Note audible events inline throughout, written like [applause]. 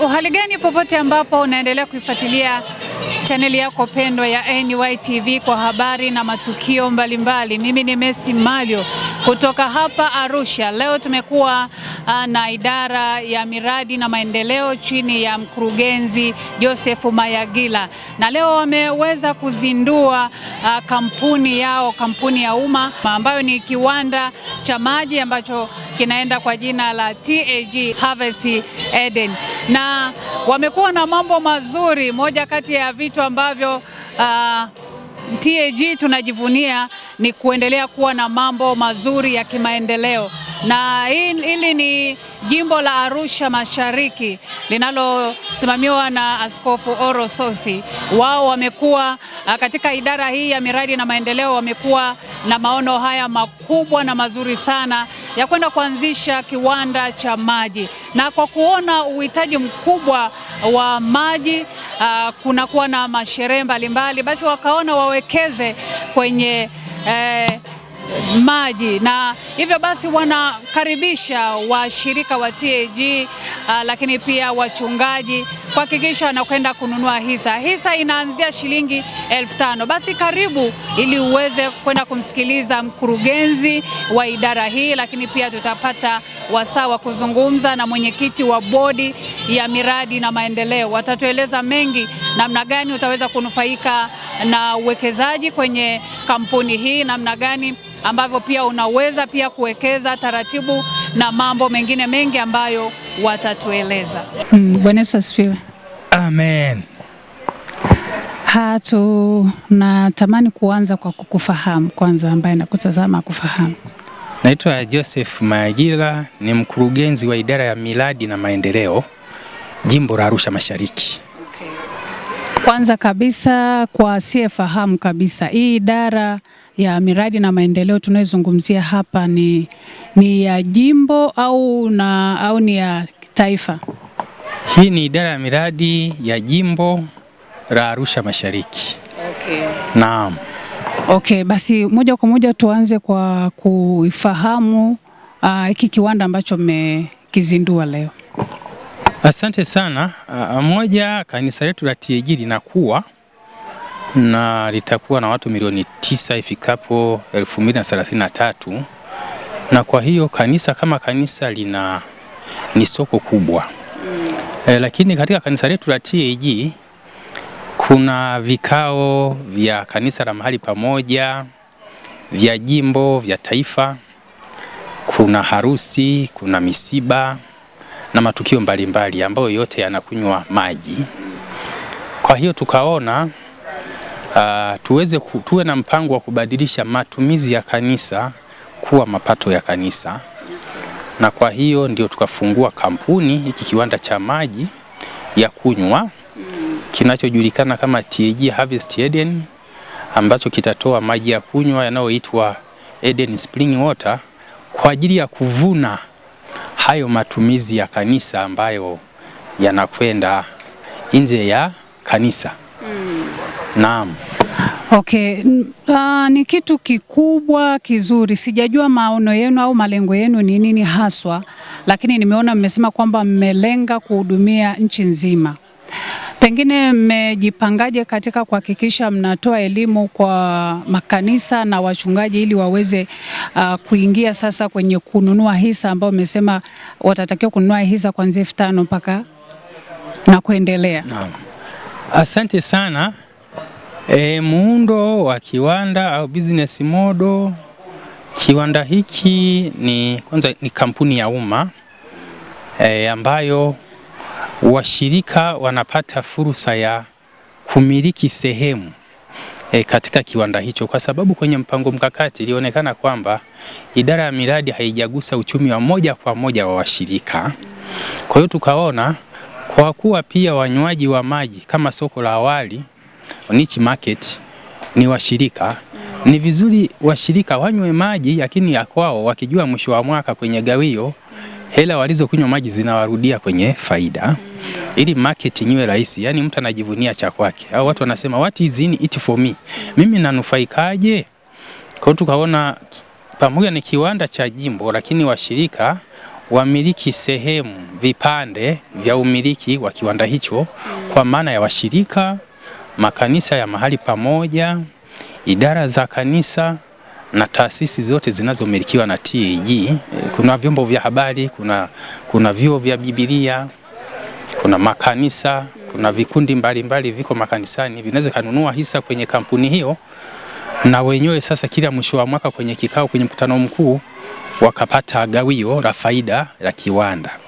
uhali gani popote ambapo unaendelea kuifuatilia chaneli yako pendwa ya NY TV kwa habari na matukio mbalimbali mbali. Mimi ni Messi Malio kutoka hapa Arusha. Leo tumekuwa ah, na idara ya miradi na maendeleo chini ya mkurugenzi Joseph Mayagila, na leo wameweza kuzindua ah, kampuni yao, kampuni ya umma ambayo ni kiwanda cha maji ambacho kinaenda kwa jina la TAG Harvest Eden, na wamekuwa na mambo mazuri, moja kati ya vitu vitu ambavyo uh, TAG tunajivunia ni kuendelea kuwa na mambo mazuri ya kimaendeleo na hili ni jimbo la Arusha Mashariki linalosimamiwa na Askofu Oro Sosi. Wao wamekuwa ah, katika idara hii ya miradi na maendeleo, wamekuwa na maono haya makubwa na mazuri sana ya kwenda kuanzisha kiwanda cha maji, na kwa kuona uhitaji mkubwa wa maji ah, kunakuwa na masherehe mbalimbali, basi wakaona wawekeze kwenye eh, maji na hivyo basi wanakaribisha washirika wa TAG uh, lakini pia wachungaji kuhakikisha wanakwenda kununua hisa. Hisa inaanzia shilingi elfu tano. Basi karibu ili uweze kwenda kumsikiliza mkurugenzi wa idara hii, lakini pia tutapata wasaa wa kuzungumza na mwenyekiti wa bodi ya miradi na maendeleo. Watatueleza mengi, namna gani utaweza kunufaika na uwekezaji kwenye kampuni hii, namna gani ambavyo pia unaweza pia kuwekeza taratibu na mambo mengine mengi ambayo watatueleza. Mm, Bwana Yesu asifiwe. Amen. Ha, tunatamani kuanza kwa kukufahamu kwanza, ambaye nakutazama kufahamu Naitwa Joseph maagila ni mkurugenzi wa idara ya miradi na maendeleo jimbo la Arusha Mashariki. Okay. Kwanza kabisa kwa asiyefahamu kabisa, hii idara ya miradi na maendeleo tunayozungumzia hapa ni, ni ya jimbo au, na, au ni ya taifa? Hii ni idara ya miradi ya jimbo la Arusha Mashariki. Okay. Naam. Okay, basi moja kwa moja tuanze kwa kuifahamu uh, hiki uh, kiwanda ambacho mmekizindua leo. Asante sana. Uh, moja kanisa letu la TAG linakuwa na litakuwa na watu milioni tisa ifikapo mbili na tatu na kwa hiyo kanisa kama kanisa lina ni soko kubwa e, lakini katika kanisa letu la TAG kuna vikao vya kanisa la mahali pamoja, vya jimbo, vya taifa, kuna harusi, kuna misiba na matukio mbalimbali ambayo yote yanakunywa maji. Kwa hiyo tukaona uh, tuweze ku, tuwe na mpango wa kubadilisha matumizi ya kanisa kuwa mapato ya kanisa, na kwa hiyo ndio tukafungua kampuni hiki kiwanda cha maji ya kunywa kinachojulikana kama TAG Harvest Eden ambacho kitatoa maji ya kunywa yanayoitwa Eden Spring Water kwa ajili ya kuvuna hayo matumizi ya kanisa ambayo yanakwenda nje ya kanisa. Naam. Okay. Uh, ni kitu kikubwa kizuri. Sijajua maono yenu au malengo yenu ni nini haswa, lakini nimeona mmesema kwamba mmelenga kuhudumia nchi nzima. Pengine mmejipangaje katika kuhakikisha mnatoa elimu kwa makanisa na wachungaji ili waweze uh, kuingia sasa kwenye kununua hisa ambao mmesema watatakiwa kununua hisa kuanzia elfu tano mpaka na kuendelea. Naam. Asante sana. E, muundo wa kiwanda au business model. Kiwanda hiki ni kwanza ni kampuni ya umma e, ambayo washirika wanapata fursa ya kumiliki sehemu e, katika kiwanda hicho, kwa sababu kwenye mpango mkakati ilionekana kwamba idara ya miradi haijagusa uchumi wa moja kwa moja wa washirika. Kwa hiyo tukaona kwa kuwa pia wanywaji wa maji kama soko la awali niche market ni washirika ni vizuri washirika wanywe maji lakini ya kwao, wakijua mwisho wa mwaka kwenye gawio hela walizokunywa maji zinawarudia kwenye faida, ili market niwe rahisi. Yani mtu anajivunia cha kwake, au watu wanasema what is in it for me, mimi nanufaikaje? Kwa hiyo tukaona pamoja ni kiwanda cha jimbo, lakini washirika wamiliki sehemu, vipande vya umiliki wa kiwanda hicho, kwa maana ya washirika makanisa ya mahali pamoja, idara za kanisa na taasisi zote zinazomilikiwa na TAG. Kuna vyombo vya habari, kuna, kuna vyuo vya Biblia, kuna makanisa, kuna vikundi mbalimbali mbali viko makanisani vinaweza kanunua hisa kwenye kampuni hiyo, na wenyewe sasa kila mwisho wa mwaka kwenye kikao, kwenye mkutano mkuu wakapata gawio la faida la kiwanda.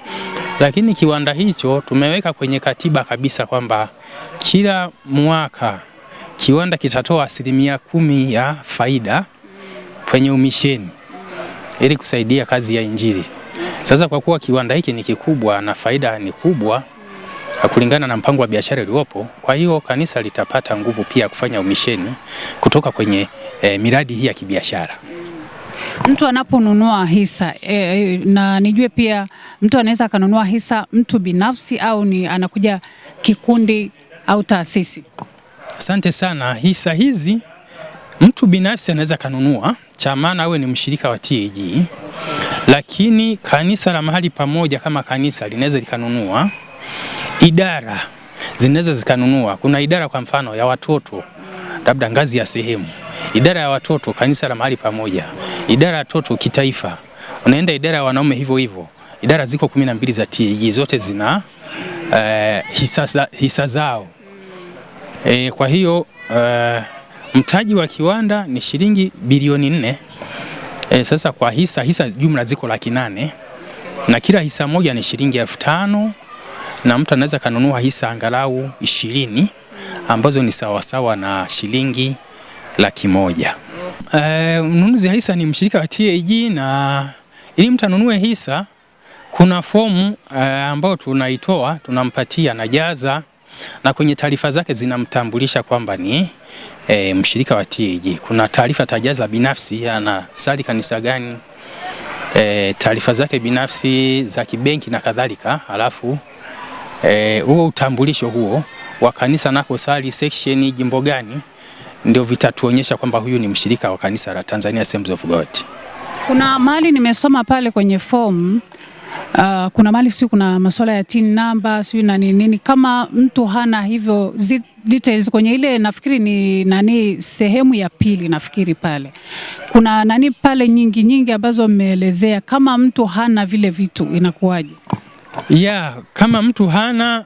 Lakini kiwanda hicho tumeweka kwenye katiba kabisa kwamba kila mwaka kiwanda kitatoa asilimia kumi ya faida kwenye umisheni ili kusaidia kazi ya Injili. Sasa kwa kuwa kiwanda hiki ni kikubwa na faida ni kubwa kulingana na mpango wa biashara uliopo, kwa hiyo kanisa litapata nguvu pia ya kufanya umisheni kutoka kwenye eh, miradi hii ya kibiashara mtu anaponunua hisa e, e, na nijue pia mtu anaweza akanunua hisa mtu binafsi au ni anakuja kikundi au taasisi? Asante sana. Hisa hizi mtu binafsi anaweza kanunua, cha maana awe ni mshirika wa TAG, lakini kanisa la mahali pamoja kama kanisa linaweza likanunua, idara zinaweza zikanunua. Kuna idara kwa mfano ya watoto labda ngazi ya sehemu idara ya watoto kanisa la mahali pamoja, idara ya watoto kitaifa, unaenda idara ya wanaume hivyo hivyo. Idara ziko kumi na mbili za TAG zote zina uh, hisa, za, hisa zao e, kwa hiyo uh, mtaji wa kiwanda ni shilingi bilioni nne. E, sasa kwa hisa hisa jumla ziko laki nane na kila hisa moja ni shilingi elfu tano na mtu anaweza kanunua hisa angalau ishirini ambazo ni sawasawa na shilingi laki moja. Eh, mnunuzi hisa ni mshirika wa TAG na ili mtu anunue hisa kuna fomu uh, ambayo tunaitoa tunampatia na jaza na kwenye taarifa zake zinamtambulisha kwamba ni e, mshirika wa TAG. Kuna taarifa tajaza binafsi, anasali kanisa gani, e, taarifa zake binafsi za kibenki na kadhalika. Halafu e, huo utambulisho huo wa kanisa nako sali section jimbo gani ndio vitatuonyesha kwamba huyu ni mshirika wa kanisa la Tanzania Assemblies of God. Kuna mali nimesoma pale kwenye form uh, kuna mali sio, kuna masuala ya tin number sio na nini, kama mtu hana hivyo details kwenye ile, nafikiri ni nani, sehemu ya pili nafikiri pale kuna nani pale nyingi nyingi ambazo mmeelezea, kama mtu hana vile vitu inakuwaje? Yeah, kama mtu hana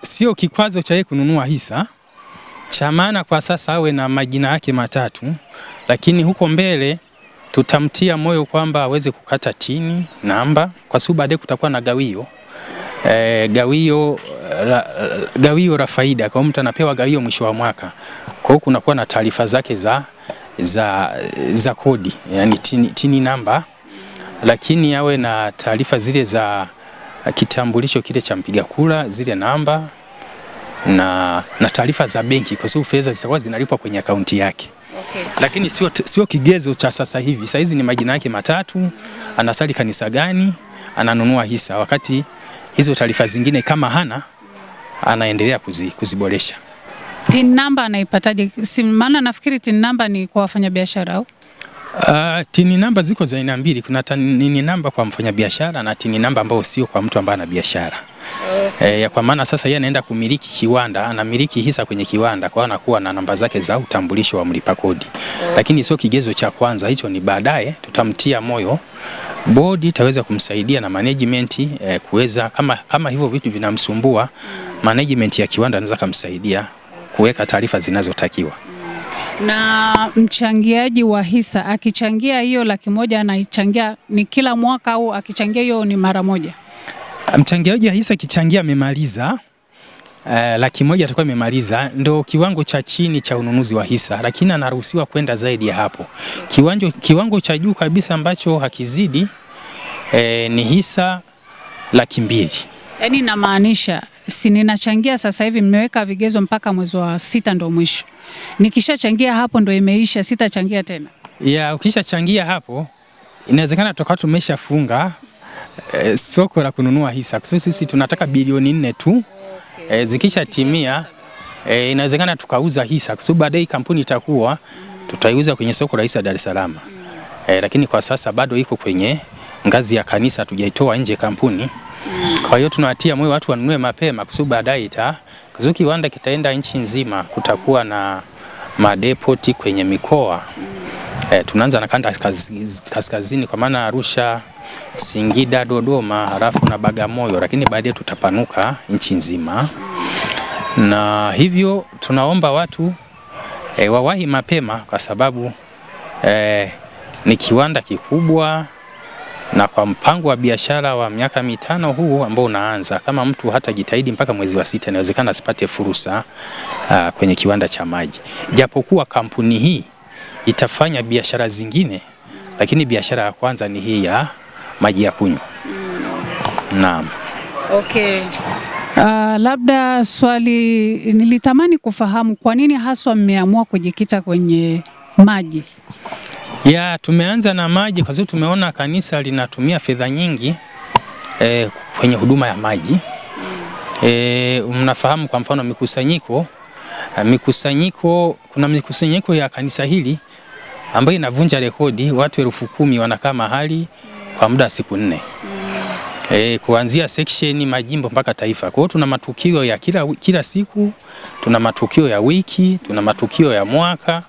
sio kikwazo cha yeye kununua hisa cha maana kwa sasa awe na majina yake matatu, lakini huko mbele tutamtia moyo kwamba aweze kukata chini namba, kwa sababu baadaye kutakuwa na gawio e, gawio la, gawio la faida. Kwa mtu anapewa gawio mwisho wa mwaka, kwa hiyo kunakuwa na taarifa zake za, za, za kodi yani tini, tini namba, lakini awe na taarifa zile za kitambulisho kile cha mpiga kura, zile namba na, na taarifa za benki kwa sababu fedha zitakuwa zinalipwa kwenye akaunti yake. Okay. Lakini sio, sio kigezo cha sasa hivi. Sasa hizi ni majina yake matatu, anasali kanisa gani, ananunua hisa, wakati hizo taarifa zingine kama hana anaendelea kuzi, kuziboresha. Tin namba anaipataje? Si maana nafikiri tin namba ni kwa wafanyabiashara au Uh, tini namba ziko za aina mbili. Kuna tini namba kwa mfanyabiashara na tini namba ambayo sio kwa mtu ambaye ana biashara. E, kwa maana sasa yeye anaenda kumiliki kiwanda, anamiliki hisa kwenye kiwanda, kwa anakuwa na namba zake za utambulisho wa mlipa kodi, eh. lakini sio kigezo cha kwanza. Hicho ni baadaye, tutamtia moyo bodi itaweza kumsaidia na management eh, kuweza kama, kama hivyo vitu vinamsumbua hmm. management ya kiwanda anaweza kumsaidia kuweka taarifa zinazotakiwa na mchangiaji wa hisa akichangia hiyo laki moja anaichangia ni kila mwaka au akichangia hiyo ni mara moja? Mchangiaji wa hisa akichangia amemaliza Uh, laki moja atakuwa imemaliza, ndo kiwango cha chini cha ununuzi wa hisa, lakini anaruhusiwa kwenda zaidi ya hapo. Kiwango, kiwango cha juu kabisa ambacho hakizidi eh, ni hisa laki mbili. Yaani inamaanisha si ninachangia sasa hivi, mmeweka vigezo mpaka mwezi wa sita ndo mwisho. Nikishachangia hapo ndo imeisha, sitachangia tena. Yeah, ukishachangia hapo inawezekana tukawa tumeshafunga eh, soko la kununua hisa, kwa sababu sisi tunataka bilioni nne tu e, zikishatimia eh, inawezekana tukauza hisa, kwa sababu baadaye kampuni itakuwa tutaiuza kwenye soko la hisa Dar es Salaam. eh, lakini kwa sasa bado iko kwenye ngazi ya kanisa, tujaitoa nje kampuni. Kwa hiyo tunawatia moyo watu wanunue mapema, kwa sababu baadaye ita kuzuki kiwanda kitaenda nchi nzima, kutakuwa na madepoti kwenye mikoa e, tunaanza na kanda kaskazini kwa maana Arusha, Singida, Dodoma halafu na Bagamoyo, lakini baadaye tutapanuka nchi nzima, mm. na hivyo tunaomba watu e, wawahi mapema kwa sababu e, ni kiwanda kikubwa na kwa mpango wa biashara wa miaka mitano huu ambao unaanza, kama mtu hatajitahidi mpaka mwezi wa sita, inawezekana asipate fursa uh, kwenye kiwanda cha maji, japokuwa kampuni hii itafanya biashara zingine, lakini biashara ya kwanza ni hii ya maji ya kunywa. Naam. Okay. Uh, labda swali nilitamani kufahamu kwa nini haswa mmeamua kujikita kwenye maji? Ya, tumeanza na maji kwa sababu tumeona kanisa linatumia fedha nyingi e, kwenye huduma ya maji e, mnafahamu kwa mfano mikusanyiko eh, mikusanyiko kuna mikusanyiko ya kanisa hili ambayo inavunja rekodi, watu elfu kumi wanakaa mahali kwa muda wa siku nne e, kuanzia section majimbo mpaka taifa. Kwa hiyo tuna matukio ya kila, kila siku, tuna matukio ya wiki, tuna matukio ya mwaka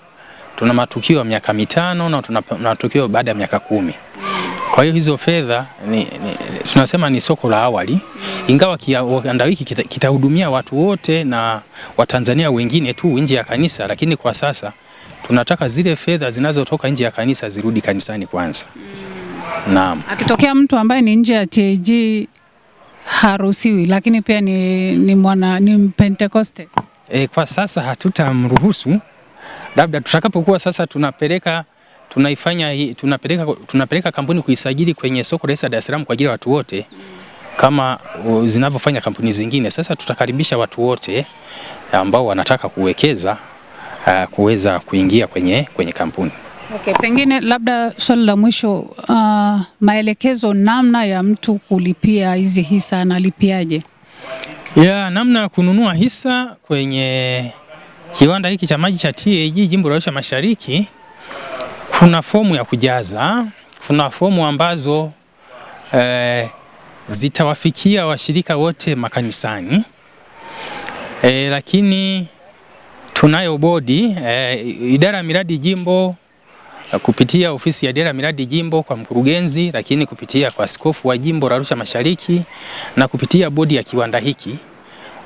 tuna matukio ya miaka mitano na tuna matukio baada ya miaka kumi. Kwa hiyo hizo fedha ni, ni, tunasema ni soko la awali, ingawa hiki kitahudumia kita watu wote na Watanzania wengine tu nje ya kanisa, lakini kwa sasa tunataka zile fedha zinazotoka nje ya kanisa zirudi kanisani kwanza. Naam. Akitokea mtu ambaye ni nje ya TAG haruhusiwi, lakini pia ni, ni mwana ni Mpentekoste. E, eh, kwa sasa hatutamruhusu labda tutakapokuwa sasa tunapeleka tunaifanya tunapeleka, tunapeleka kampuni kuisajili kwenye soko la Dar es Salaam kwa ajili ya watu wote kama uh, zinavyofanya kampuni zingine. Sasa tutakaribisha watu wote ambao wanataka kuwekeza uh, kuweza kuingia kwenye, kwenye kampuni. Okay, pengine labda swali la mwisho uh, maelekezo namna ya mtu kulipia hizi hisa analipiaje? Ya namna ya kununua hisa kwenye Kiwanda hiki cha maji cha TAG Jimbo la Arusha Mashariki, kuna fomu ya kujaza, kuna fomu ambazo e, zitawafikia washirika wote makanisani e, lakini tunayo bodi e, idara ya miradi jimbo kupitia ofisi ya idara ya miradi jimbo kwa mkurugenzi, lakini kupitia kwa askofu wa jimbo la Arusha Mashariki na kupitia bodi ya kiwanda hiki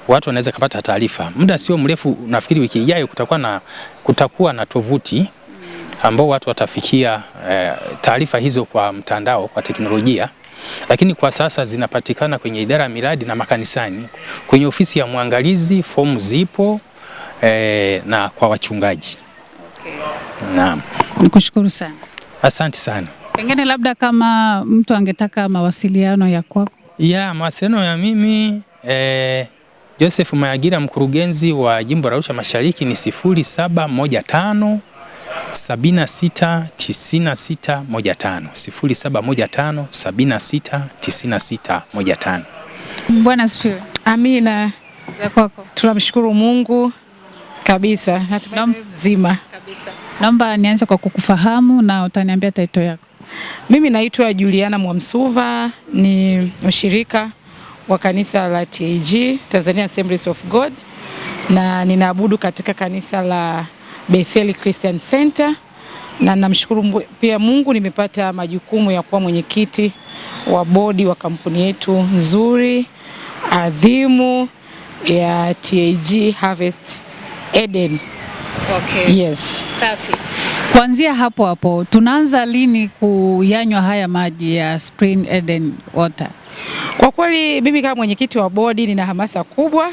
watu wanaweza kupata taarifa. Muda sio mrefu, nafikiri wiki ijayo kutakuwa na, kutakuwa na tovuti ambao watu watafikia eh, taarifa hizo kwa mtandao kwa teknolojia, lakini kwa sasa zinapatikana kwenye idara ya miradi na makanisani, kwenye ofisi ya mwangalizi fomu zipo eh, na kwa wachungaji. Okay. Naam. Nikushukuru sana. Asante sana. Pengine labda kama mtu angetaka mawasiliano ya kwako. Ya mawasiliano ya mimi eh, Joseph Mayagira, mkurugenzi wa jimbo la Arusha Mashariki, ni 0715 769615 0715 769615. Bwana sifiwe. Amina. Tunamshukuru Mungu kabisa mzima kabisa. Naomba nianze kwa kukufahamu na utaniambia taito yako. Mimi naitwa Juliana Mwamsuva, ni mshirika wa kanisa la TAG Tanzania Assemblies of God na ninaabudu katika kanisa la Bethel Christian Center na namshukuru pia Mungu nimepata majukumu ya kuwa mwenyekiti wa bodi wa kampuni yetu nzuri adhimu ya TAG Harvest Eden. Okay. Yes. Safi. Kuanzia hapo hapo tunaanza lini kuyanywa haya maji ya Spring Eden Water? Kwa kweli mimi kama mwenyekiti wa bodi nina hamasa kubwa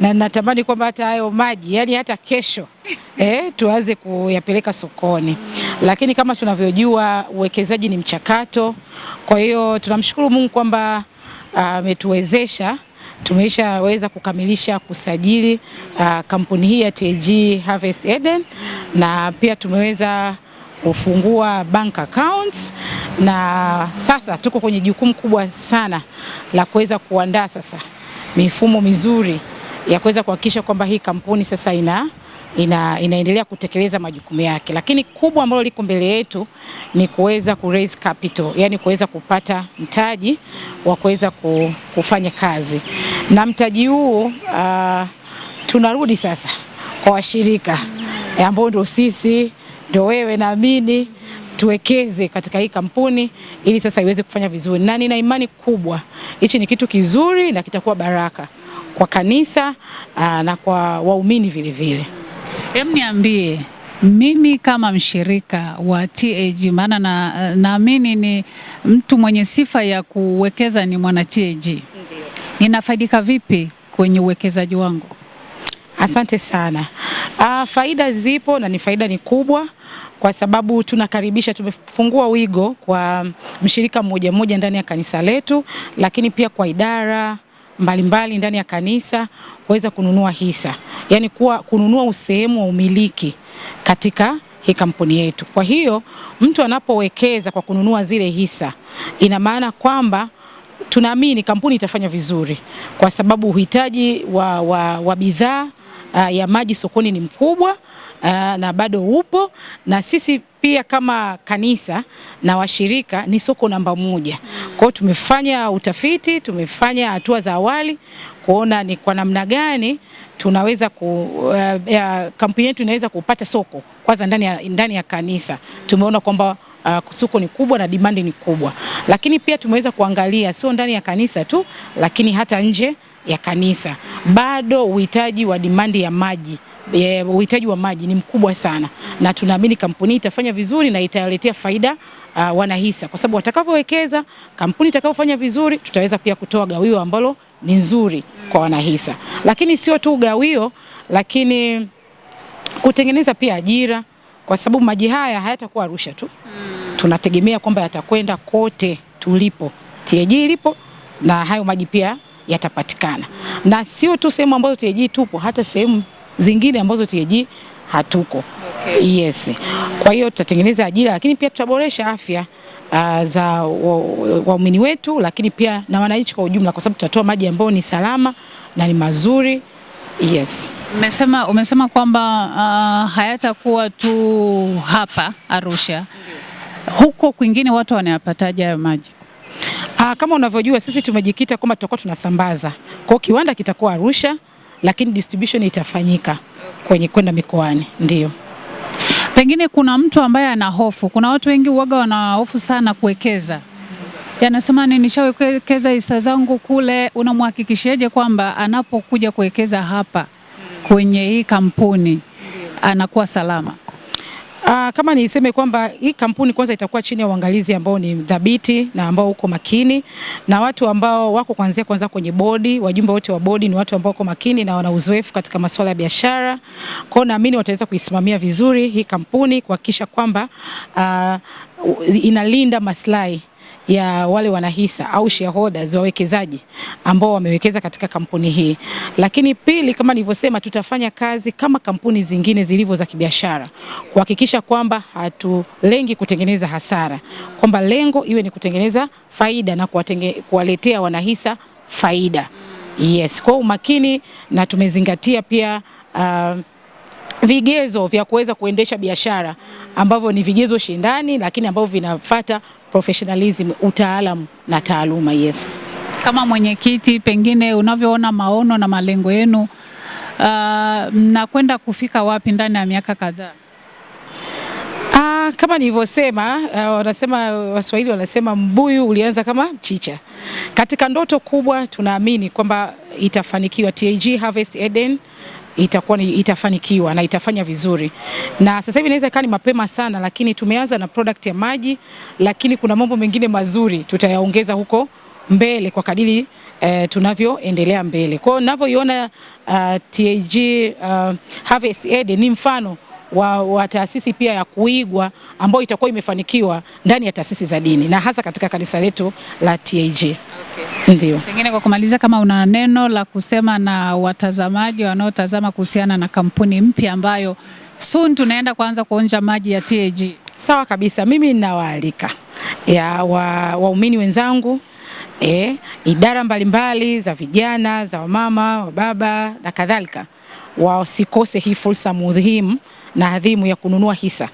na natamani kwamba hata hayo maji yani hata kesho [laughs] eh, tuanze kuyapeleka sokoni, lakini kama tunavyojua uwekezaji ni mchakato. Kwa hiyo tunamshukuru Mungu kwamba ah, ametuwezesha uh, tumeshaweza kukamilisha kusajili uh, kampuni hii ya TAG Harvest Eden na pia tumeweza kufungua bank accounts, na sasa tuko kwenye jukumu kubwa sana la kuweza kuandaa sasa mifumo mizuri ya kuweza kuhakikisha kwamba hii kampuni sasa ina ina, inaendelea kutekeleza majukumu yake, lakini kubwa ambalo liko mbele yetu ni kuweza ku raise capital, yani kuweza kupata mtaji wa kuweza kufanya kazi na mtaji huu uh, tunarudi sasa kwa washirika ambao ndio sisi ndio wewe, naamini tuwekeze katika hii kampuni ili sasa iweze kufanya vizuri, na nina imani kubwa hichi ni kitu kizuri na kitakuwa baraka kwa kanisa aa, ah, na kwa waumini vile vile. Hem, niambie mimi kama mshirika wa TAG, maana na naamini ni mtu mwenye sifa ya kuwekeza, ni mwana TAG, ninafaidika vipi kwenye uwekezaji wangu? Asante sana. Uh, faida zipo na ni faida ni kubwa kwa sababu tunakaribisha, tumefungua wigo kwa mshirika mmoja mmoja ndani ya kanisa letu, lakini pia kwa idara mbalimbali mbali ndani ya kanisa kuweza kununua hisa, yaani kuwa kununua usehemu wa umiliki katika hii kampuni yetu. Kwa hiyo mtu anapowekeza kwa kununua zile hisa, ina maana kwamba tunaamini kampuni itafanya vizuri kwa sababu uhitaji wa, wa, wa bidhaa uh, ya maji sokoni ni mkubwa uh, na bado upo, na sisi pia kama kanisa na washirika ni soko namba moja. Kwa tumefanya utafiti, tumefanya hatua za awali kuona ni kwa namna gani tunaweza ku, uh, kampuni yetu inaweza kupata soko kwanza ndani ya, ndani ya kanisa. Tumeona kwamba Uh, soko ni kubwa na demand ni kubwa, lakini pia tumeweza kuangalia sio ndani ya kanisa tu, lakini hata nje ya kanisa, bado uhitaji wa dimandi ya maji eh, uhitaji wa maji ni mkubwa sana, na tunaamini kampuni itafanya vizuri na italetea faida uh, wanahisa, kwa sababu watakavyowekeza, kampuni itakavyofanya vizuri, tutaweza pia kutoa gawio ambalo ni nzuri kwa wanahisa. Lakini sio tu gawio, lakini kutengeneza pia ajira, kwa sababu maji haya hayatakuwa Arusha tu, hmm. tunategemea kwamba yatakwenda kote tulipo, TAG ilipo na hayo maji pia yatapatikana, na sio tu sehemu ambazo TAG tupo, hata sehemu zingine ambazo TAG hatuko. Okay. Yes. Kwa hiyo tutatengeneza ajira, lakini pia tutaboresha afya Uh, za waumini wetu lakini pia na wananchi kwa ujumla, kwa sababu tutatoa maji ambayo ni salama na ni mazuri. Yes. Umesema, umesema kwamba uh, hayatakuwa tu hapa Arusha. Huko kwingine watu wanayapataje hayo maji? Ha, ah, kama unavyojua sisi tumejikita kwamba tutakuwa tunasambaza. Kwa hiyo kiwanda kitakuwa Arusha lakini distribution itafanyika kwenye kwenda mikoani ndio. Pengine kuna mtu ambaye ana hofu. Kuna watu wengi uoga wana hofu sana kuwekeza. Yanasema ni nishawekeza hisa zangu kule, unamhakikishieje kwamba anapokuja kuwekeza hapa kwenye hii kampuni anakuwa salama? Uh, kama niseme kwamba hii kampuni kwanza itakuwa chini ya uangalizi ambao ni dhabiti na ambao uko makini na watu ambao wako kuanzia kwanza kwenye bodi, wajumbe wote wa bodi ni watu ambao wako makini na wana uzoefu katika masuala ya biashara. Kwa hiyo naamini wataweza kuisimamia vizuri hii kampuni kuhakikisha kwamba uh, inalinda maslahi ya wale wanahisa au shareholders wawekezaji ambao wamewekeza katika kampuni hii. Lakini pili, kama nilivyosema, tutafanya kazi kama kampuni zingine zilivyo za kibiashara kuhakikisha kwamba hatulengi kutengeneza hasara, kwamba lengo iwe ni kutengeneza faida na kuwaletea wanahisa faida. Yes, kwa umakini na tumezingatia pia uh, vigezo vya kuweza kuendesha biashara ambavyo ni vigezo shindani, lakini ambavyo vinafata professionalism, utaalamu na taaluma. Yes, kama mwenyekiti, pengine unavyoona maono na malengo yenu, uh, mnakwenda kufika wapi ndani ya miaka kadhaa? Ah, kama nilivyosema, uh, wanasema Waswahili wanasema mbuyu ulianza kama chicha. Katika ndoto kubwa, tunaamini kwamba itafanikiwa. TAG Harvest Eden itakuwa itafanikiwa na itafanya vizuri. Na sasa hivi inaweza ikawa ni mapema sana, lakini tumeanza na product ya maji, lakini kuna mambo mengine mazuri tutayaongeza huko mbele kwa kadiri eh, tunavyoendelea mbele. Kwa hiyo ninavyoiona uh, ah, TAG uh, ah, Harvest Aid ni mfano wa, wa taasisi pia ya kuigwa ambayo itakuwa imefanikiwa ndani ya taasisi za dini na hasa katika kanisa letu la TAG okay. Ndio. Pengine kwa kumaliza, kama una neno la kusema na watazamaji wanaotazama kuhusiana na kampuni mpya ambayo soon tunaenda kuanza kuonja maji ya TAG. Sawa kabisa, mimi ninawaalika ya waumini wa wenzangu e, idara mbalimbali mbali, za vijana za wamama wababa na kadhalika wasikose hii fursa muhimu na adhimu ya kununua hisa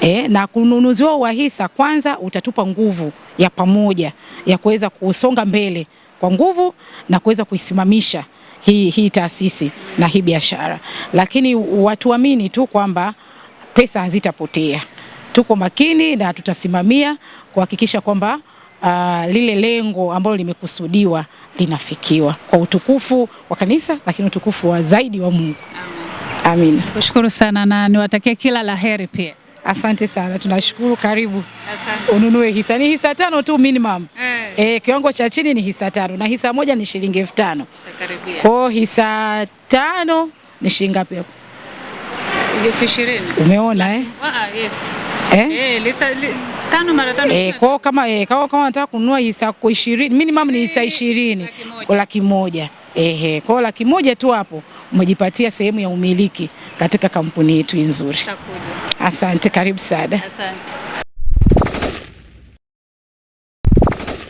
e, na kununuziwa wa hisa kwanza utatupa nguvu ya pamoja ya kuweza kusonga mbele kwa nguvu na kuweza kuisimamisha hii, hii taasisi na hii biashara, lakini watuamini tu kwamba pesa hazitapotea. Tuko makini na tutasimamia kuhakikisha kwamba uh, lile lengo ambalo limekusudiwa linafikiwa kwa utukufu wa kanisa, lakini utukufu wa zaidi wa Mungu. Amina. Kushukuru sana na niwatakie kila la heri pia. Asante sana, tunashukuru. Karibu Asante. ununue hisa, ni hisa tano tu minimum eh. E, kiwango cha chini ni hisa tano na hisa moja ni shilingi elfu tano kwa hisa tano ni shilingi ngapi hapo? Umeona eh? Wow, ah, ah, yes. Eh? Eh, lisa, li... Tano mara tano eh, kwa kama eh, kwa kama nataka kununua hisa kwa 20 minimum ni hisa 20 eh, kwa laki moja ehe, kwa laki moja tu hapo umejipatia sehemu ya umiliki katika kampuni yetu nzuri. Asante, karibu sana. Asante.